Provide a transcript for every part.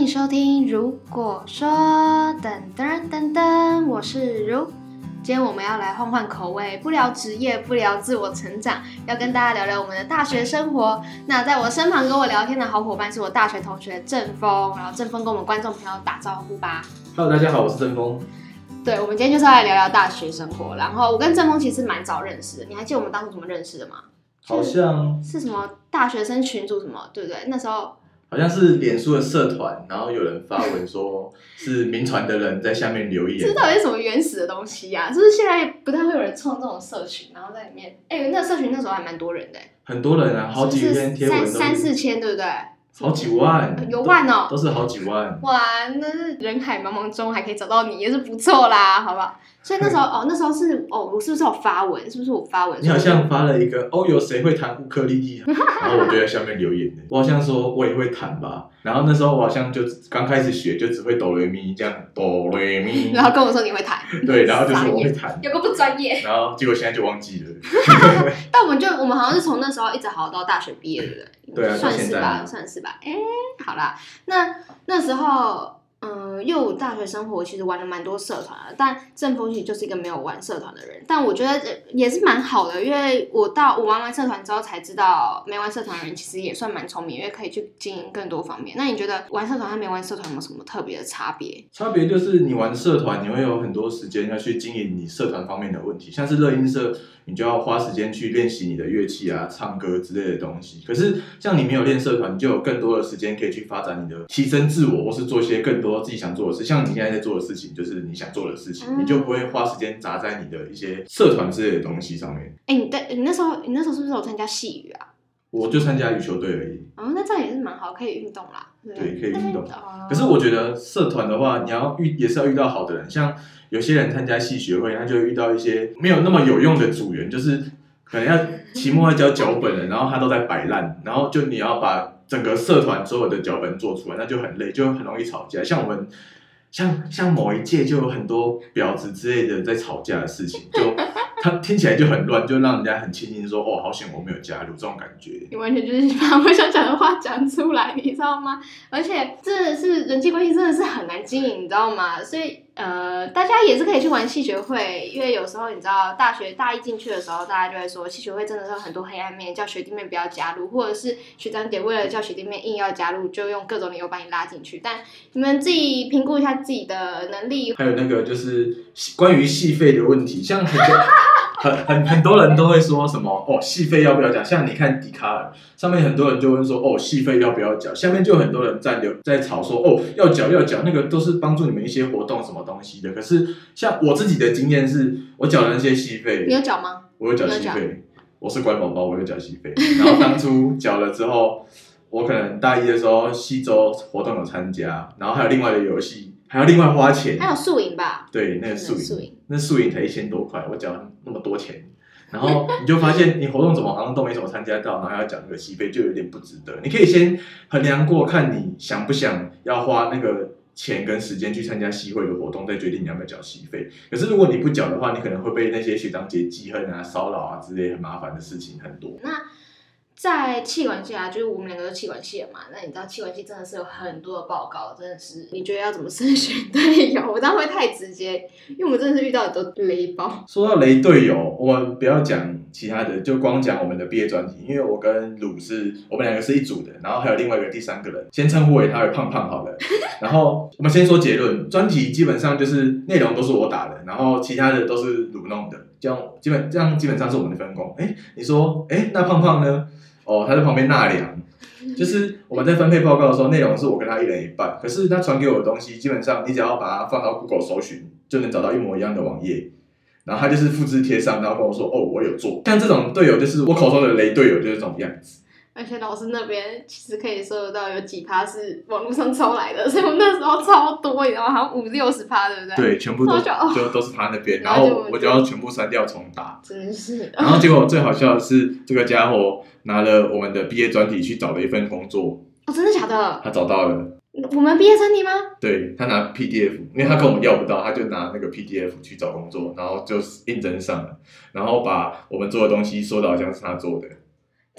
歡迎收聽。汝果說等等等等，我是汝。今天我們要來換換口味，不聊職業，不聊自我成長，要跟大家聊聊我們的大學生活。那在我身旁跟我聊天的好夥伴是我大學同學陣風，然後陣風跟我們觀眾朋友打招呼吧。Hello，大家好，我是陣風。對，我們今天就是要來聊聊大學生活。然後我跟陣風其實蠻早認識的，你還記得我們當初怎麼認識的嗎？好、就、像、是、是什麼大學生群組什麼，對不對？那時候。好像是臉書的社團，然後有人發文說，是銘傳的人在下面留言。 這到底是什麼原始的東西呀、啊？就是現在不太會有人創這種社群，然後在裡面。哎、欸，那個、社群那時候還蠻多人的、欸。很多人啊，好幾千、三三四千，對不對？好幾萬，有萬哦、喔，都是好幾萬。哇，那是人海茫茫中還可以找到你，也是不錯啦，好不好？所以那時候，呵呵哦，那時候是哦，我是不是有發文？是不是我發文？你好像發了一個哦，有誰會彈烏克麗麗？然後我就在下面留言， 我好像說我也會彈吧。然後那時候我好像就剛開始學，就只會哆來咪這樣，哆來咪。 然後跟我說你會彈，對，然後就說我會彈，有個不專業。然後結果現在就忘記了。 但我們就我們好像是從那時候一直好好到大學畢業的人。對啊，算是吧，算是吧。哎，好啦，那那時候，嗯，又大學生活其實玩了蠻多社團了，但陣風其實就是一個沒有玩社團的人。但我覺得這也是蠻好的，因為我到我玩完社團之後才知道，沒玩社團的人其實也算蠻聰明，因為可以去經營更多方面。那你覺得玩社團和沒玩社團有沒有什麼特別的差別？差別就是你玩社團，你會有很多時間要去經營你社團方面的問題，像是熱音社。你就要花時間去練習你的樂器啊、唱歌之類的東西。可是像你沒有練社團，你就有更多的時間可以去發展你的提升自我，或是做一些更多自己想做的事。像你現在在做的事情，就是你想做的事情，嗯、你就不會花時間砸在你的一些社團之類的東西上面。哎、欸，你那，你那時候，你那時候是不是有參加戲語啊？我就參加羽球隊而已。哦，那這樣也是蠻好，可以運動啦。對，對可以運動。嗯，可是我覺得社團的話，你要遇也是要遇到好的人。像有些人參加系學會，他就會遇到一些沒有那麼有用的組員， 就是可能要期末要交腳本了，然後他都在擺爛，然後就你要把整個社團所有的腳本做出來，那就很累，就很容易吵架。像我們，像像某一屆就有很多婊子之類的在吵架的事情，就。 他聽起來就很亂，就讓人家很慶幸說：“哦，好險我沒有加入這種感覺。”你完全就是把我想講的話講出來，你知道嗎？而且，真的是人際關係真的是很難經營，你知道嗎？所以。呃，大家也是可以去玩系學會，因為有時候你知道，大學大一進去的時候，大家就會說系學會真的是有很多黑暗面，叫學弟妹不要加入，或者是學長姐為了叫學弟妹硬要加入，就用各種理由把你拉進去。但你們自己評估一下自己的能力。還有那個就是關於系費的問題，像。 很很很多人都會說什麼哦，系費要不要繳？像你看 Dcard 上面很多人就會說哦，系費要不要繳？下面就很多人在在吵說哦，要繳要繳，那個都是幫助你們一些活動什麼東西的。可是像我自己的經驗是，我繳了那些系費。你繳有繳嗎？我有繳系費。我是乖寶寶，我有繳系費。然後當初繳了之後， 我可能大一的時候系週活動有參加，然後還有另外的遊戲。還要另外花錢，還有宿營吧？對，那個宿營，那宿營才一千多塊，我交那麼多錢，然後你就發現你活動怎麼好像都沒怎麼參加到，然後還要交那個系費就有點不值得。你可以先衡量過，看你想不想要花那個錢跟時間去參加系會的活動，再決定你要不要交系費。可是如果你不交的話，你可能會被那些學長姐記恨啊、騷擾啊之類的，很麻煩的事情很多。在企管系。啊，就是我們兩個都企管系嘛。那你知道企管系真的是有很多的報告，真的是你覺得要怎麼篩選隊友？我當然會太直接，因為我們真的是遇到都雷包。說到雷隊友，我們不要講其他的，就光講我們的畢業專題。因為我跟魯是我們兩個是一組的，然後還有另外一個第三個人，先稱呼為他為胖胖好了。然後我們先說結論，專題基本上就是內容都是我打的，然後其他的都是魯弄的，這樣基本這樣基本上是我們的分工。哎、欸，你說，哎、欸，那胖胖呢？哦，他在旁邊納涼，就是我們在分配報告的時候，內容是我跟他一人一半。可是他傳給我的東西，基本上你只要把它放到 Google 搜尋，就能找到一模一樣的網頁。然後他就是複製貼上，然後跟我說：“哦，我有做。”像這種隊友，就是我口中的雷隊友，就是這種樣子。而且老師那邊其實可以搜得到有幾趴是網絡上抄來的，所以我們那時候超多，你知道嗎？好像五六十趴，對不對？對，全部都 就都是他那邊，然後我就要全部刪掉重打。 真的是。然後結果我最好笑的是，這個家伙拿了我們的畢業專題去找了一份工作。 哦，真的假的？他找到了。我們畢業專題嗎？對，他拿 PDF，因為他跟我們要不到，他就拿那個 PDF 去找工作，然後就應徵上了，然後把我們做的東西說的好像是他做的。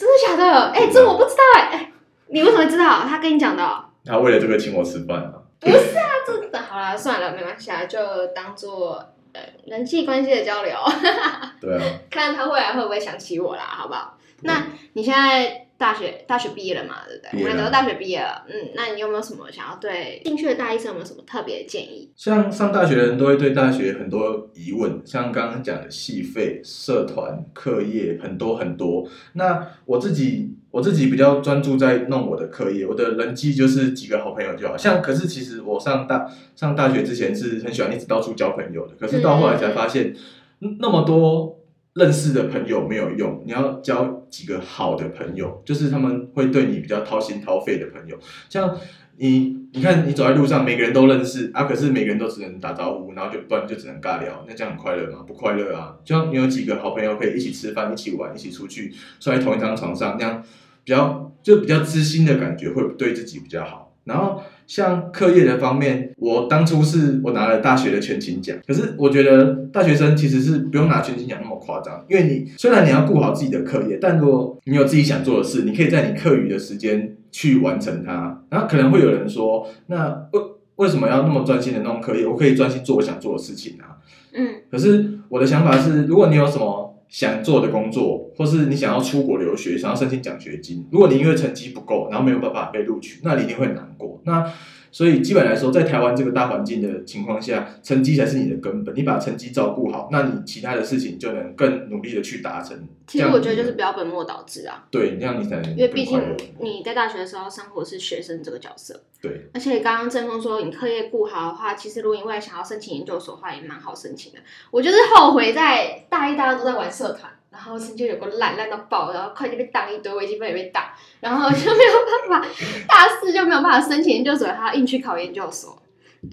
真的假的？哎、欸，啊、這我不知道哎、欸、哎，你為什麼知道？他跟你講的？他為了這個請我吃飯、啊、不是啊，真的好了、啊，算了，沒關係啊，就當做呃人際關係的交流。哈哈對啊，看他未來會不會想起我啦，好不好？那、啊、你現在？大學大學畢業了嘛，對不對？我們都大學畢業了，嗯，那你有沒有什麼想要對進去的大一生有沒有什麼特別的建議？像上大學的人都會對大學很多疑問，像剛剛講的系費、社團、課業，很多很多。那我自己，我自己比較專注在弄我的課業，我的人際就是幾個好朋友就好。像，可是其實我上大上大學之前是很喜歡一直到處交朋友的，可是到後來才發現、嗯、那麼多。認識的朋友沒有用，你要交幾個好的朋友，就是他們會對你比較掏心掏肺的朋友。像你，你看你走在路上，每個人都認識啊，可是每個人都只能打招呼，然後就不然就只能尬聊，那這樣很快樂嗎？不快樂啊！就像你有幾個好朋友可以一起吃飯、一起玩、一起出去睡在同一張床上，這樣比較就比較知心的感覺，會對自己比較好。然後像課業的方面，我當初是我拿了大學的全勤獎，可是我覺得大學生其實是不用拿全勤獎那麼誇張，因為你雖然你要顧好自己的課業，但如果你有自己想做的事，你可以在你課餘的時間去完成它。然後可能會有人說，那為為什麼要那麼專心的弄課業？我可以專心做我想做的事情啊。嗯，可是我的想法是，如果你有什麼。想做的工作，或是你想要出國留學，想要申請獎學金。如果你因為成績不夠，然後沒有辦法被錄取，那你一定會難過。那。所以基本來說，在台灣這個大環境的情況下，成績才是你的根本。你把成績照顧好，那你其他的事情就能更努力的去達成。其實我覺得就是不要本末倒置啊。對，那樣你才能。因為畢竟你在大學的時候，生活是學生這個角色。對。而且剛剛陣風說，你課業顧好的話，其實如果你想要申請研究所的話，也蠻好申請的。我就是後悔在大一大二都在玩社團。然後成績有個爛爛到爆，然後快遞被擋一堆，微積分也被擋，然後就沒有辦法，大四就沒有辦法申請研究所，所以他硬去考研究所，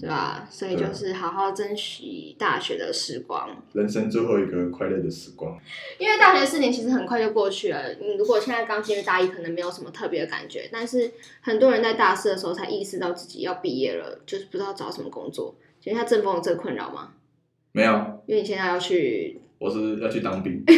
對吧？所以就是好好珍惜大學的時光，人生最後一個快樂的時光。因為大學四年其實很快就過去了，你如果現在剛進入大一，可能沒有什麼特別的感覺，但是很多人在大四的時候才意識到自己要畢業了，就是不知道找什麼工作。你現在陣風這個困擾嗎？沒有，因為你現在要去。我是要去當兵。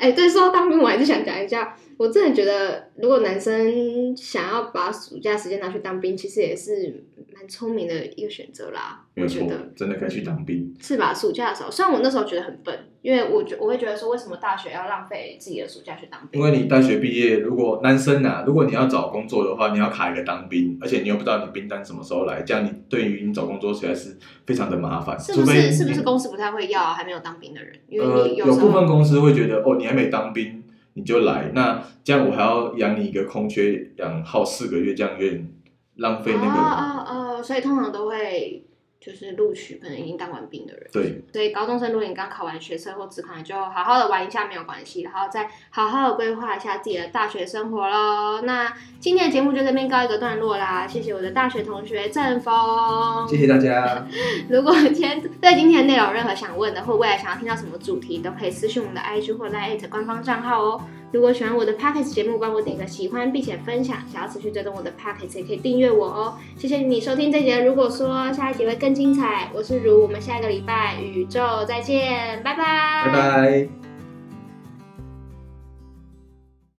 哎、欸，對，說到當兵，我還是想講一下。我真的覺得，如果男生想要把暑假時間拿去當兵，其實也是蠻聰明的一個選擇啦。沒有錯，我覺得真的可以去當兵。是吧？暑假的時候，雖然我那時候覺得很笨，因為我覺我會覺得說，為什麼大學要浪費自己的暑假去當兵？因為你大學畢業，如果男生吶、啊，如果你要找工作的話，你要卡一個當兵，而且你又不知道你兵單什麼時候來，這樣你對於你找工作實在是非常的麻煩。是不是？是不是公司不太會要、啊、還沒有當兵的人？因為你呃，有部分公司會覺得。哦，你還沒當兵你就來，那這樣我還要養你一個空缺，養耗四個月，這樣有點浪費那個啊。啊啊啊！所以通常都會。就是錄取可能已經當完兵的人，對，所以高中生如果你剛考完學測或指考，就好好的玩一下沒有關係，然後再好好的規劃一下自己的大學生活嘍。那今天的節目就這邊告一個段落啦，謝謝我的大學同學陣風。謝謝大家。 如果今天對今天的內容有任何想問的，或未來想要聽到什麼主題，都可以私訊我們的 IG 或 line@ 官方賬號哦。如果喜歡我的 Podcast 節目，幫我點個喜歡，並且分享。想要持續追蹤我的 Podcast，也可以訂閱我哦。謝謝你收聽這集，汝果說下一集會更精彩，我是如，我們下一個禮拜宇宙再見，拜拜。拜拜。